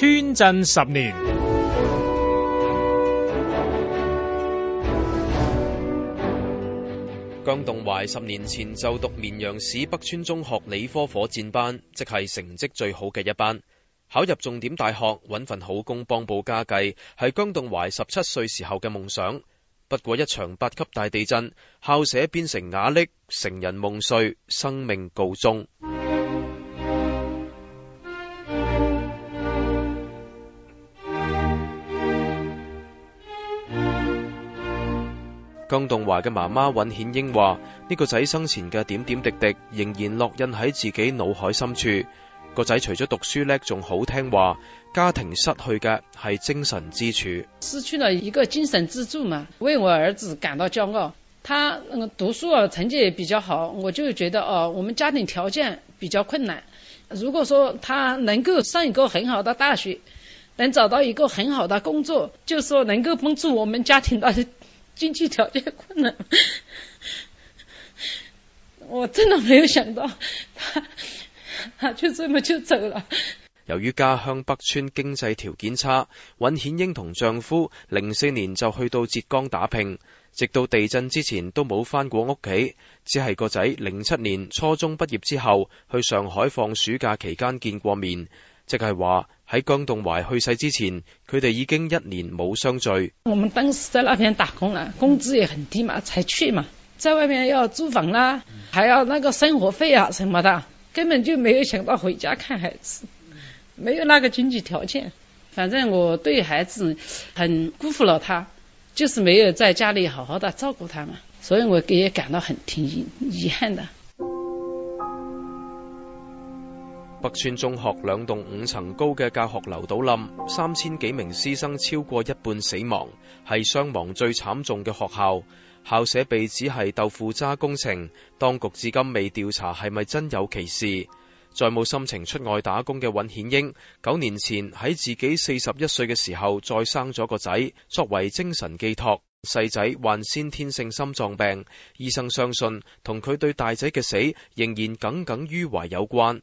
川震十年，江棟懷十年前就讀綿陽市北川中學理科火箭班，即係成績最好嘅一班。考入重點大學，搵份好工、幫補家計，係江棟懷十七歲時候嘅夢想。不過一場八級大地震，校舍變成瓦礫，成人夢碎，生命告終。江棟華嘅媽媽尹顯英話：呢、這個仔生前嘅點點滴滴仍然烙印喺自己腦海深處。個仔除咗讀書叻，仲好聽話。家庭失去嘅係精神支柱。失去了一個精神支柱嘛，為我兒子感到驕傲。他讀書啊成績比較好，我就覺得哦，我們家庭條件比較困難。如果說他能夠上一個很好的大學，能找到一個很好的工作，就說、是、能夠幫助我們家庭的經濟條件困難，我真的沒有想到他，他，就這麼就走了。由於家鄉北村經濟條件差，尹顯英同丈夫零四年就去到浙江打拼，直到地震之前都冇返過屋企，只係個仔零七年初中畢業之後去上海放暑假期間見過面，即係話。喺江棟懷去世之前，佢哋已經一年冇相聚。我們當時在那邊打工啊，工資也很低嘛，才去嘛，在外面要租房啦、啊，還要那個生活費啊什麼的，根本就沒有想到回家看孩子，沒有那個經濟條件。反正我對孩子很辜負了他，就是沒有在家裏好好的照顧他嘛，所以我也感到很挺遺憾的。北川中學兩棟五層高嘅教學樓倒冧，三千幾名師生超過一半死亡，係傷亡最慘重嘅學校。校舍被指係豆腐渣工程，當局至今未調查係咪真有其事。再冇心情出外打工嘅尹顯英，九年前喺自己四十一歲嘅時候再生咗個仔，作為精神寄託。細仔患先天性心臟病，醫生相信同佢對大仔嘅死仍然耿耿於懷有關。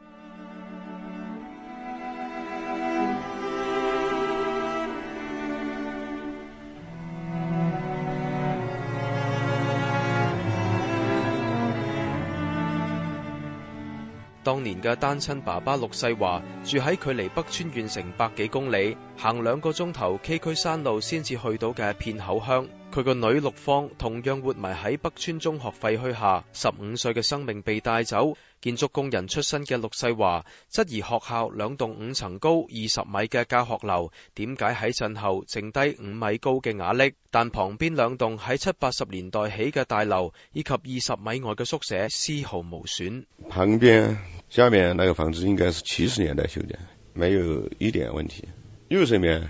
當年嘅單親爸爸陸世華住喺距離北川縣城百幾公里，行兩個鐘頭崎嶇山路先至去到嘅片口鄉。佢個女陸芳同樣活埋喺北村中學廢墟下，十五歲嘅生命被帶走。建築工人出身嘅陸世華質疑學校兩棟五層高二十米嘅教學樓，點解喺震後剩低五米高嘅瓦礫？但旁邊兩棟喺七八十年代起嘅大樓以及二十米外嘅宿舍絲毫無損。旁邊下面那個房子應該是七十年代修嘅，沒有一點問題。右面。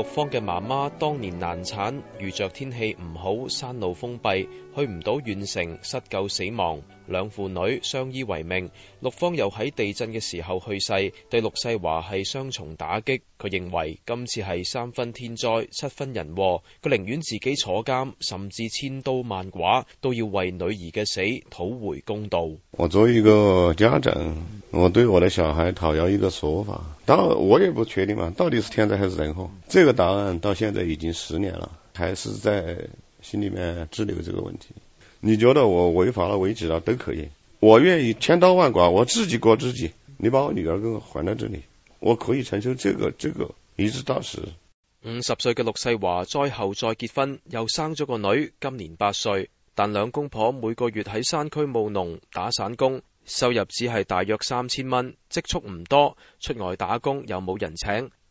六方嘅媽媽當年難產，遇着天氣唔好，山路封閉，去唔到縣城，失救死亡。兩父女相依為命，陸方又喺地震嘅時候去世，對陸世華係雙重打擊。佢認為今次係三分天災七分人禍，佢寧願自己坐監，甚至千刀萬剮，都要為女兒嘅死討回公道。我作為一個家長，我對我的小孩討要一個說法，當我也不確定嘛，到底是天災還是人禍？這個答案到現在已經十年了，還是在心裏面滯留這個問題。你覺得我違法啦、違紀啦都可以，我願意千刀萬剮，我自己過自己。你把我女兒給我還到這裏，我可以承受這個、這個，一直到死。五十歲嘅陸世華災後再結婚，又生咗個女，今年八歲。但兩公婆每個月喺山區務農打散工，收入只係大約三千蚊，積蓄唔多，出外打工又冇人請。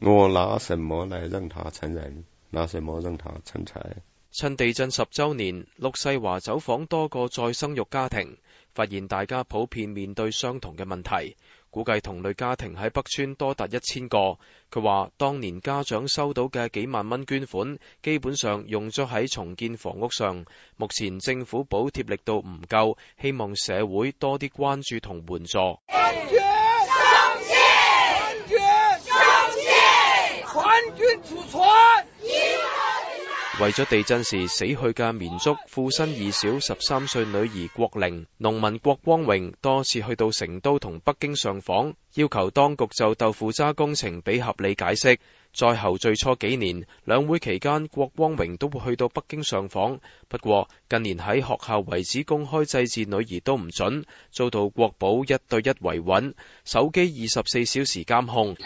我拿什麼來讓他成人？拿什麼讓他成才？趁地震十周年，陸世華走訪多個再生育家庭，發現大家普遍面對相同嘅問題。估計同類家庭喺北川多達一千個。佢話當年家長收到嘅幾萬蚊捐款，基本上用咗喺重建房屋上。目前政府補貼力度唔夠，希望社會多啲關注同援助。為咗地震時死去嘅綿竹富新二小十三歲女兒郭玲，農民郭光榮多次去到成都同北京上訪，要求當局就豆腐渣工程俾合理解釋。再後最初幾年兩會期間，郭光榮都會去到北京上訪。不過近年喺學校遺址公開祭奠女兒都唔准，遭到國保一對一維穩，手機二十四小時監控。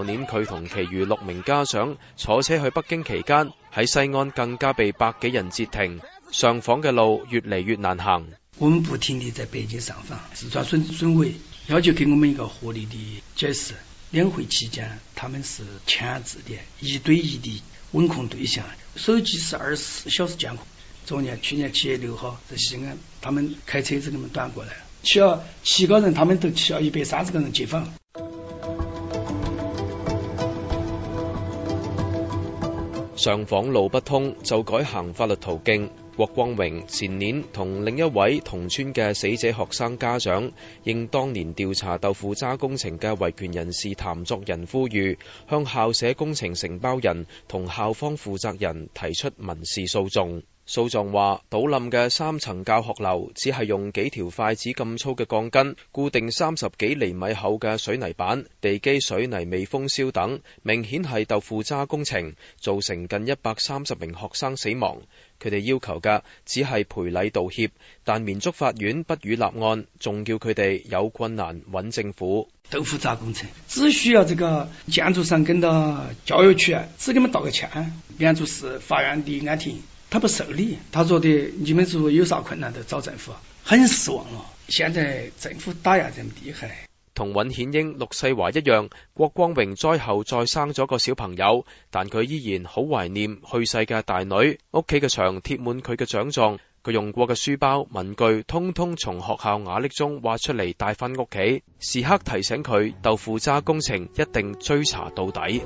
上年佢同其餘六名家長坐車去北京期間，喺西安更加被百幾人截停，上訪嘅路越嚟越難行。我們不停地在北京上訪，四川省省委要求給我們一個合理的解釋。兩會期間，他們是簽字的，一對一的穩控對象，手機是二十四小時監控。昨年、去年七月六號在西安，就是、他們開車子跟我們轉過來，需要七個人，他們都需要一百三十個人接訪。上訪路不通，就改行法律途徑。郭光榮前年同另一位同村嘅死者學生家長，應當年調查豆腐渣工程嘅維權人士譚作人呼籲，向校舍工程承包人同校方負責人提出民事訴訟。訴訟話，倒冧嘅三層教學樓只係用幾條筷子咁粗嘅鋼筋固定三十幾厘米厚嘅水泥板，地基水泥未封燒等，明顯係豆腐渣工程，造成近一百三十名學生死亡。佢哋要求只係賠禮道歉，但綿竹法院不予立案，仲叫佢哋有困難揾政府。豆腐渣工程只需要這個建築商跟到教育局只給佢們道個歉，綿竹市法院立案庭他不受理，他說的你們如果有啥困難就找政府，很失望了。現在政府打壓這麼厲害。同尹顯英、陸世華一樣，郭光榮災後再生咗個小朋友，但佢依然好懷念去世嘅大女。屋企嘅牆貼滿佢嘅獎狀，佢用過嘅書包、文具，通通從學校瓦礫中挖出嚟帶返屋企，時刻提醒佢，豆腐渣工程一定追查到底。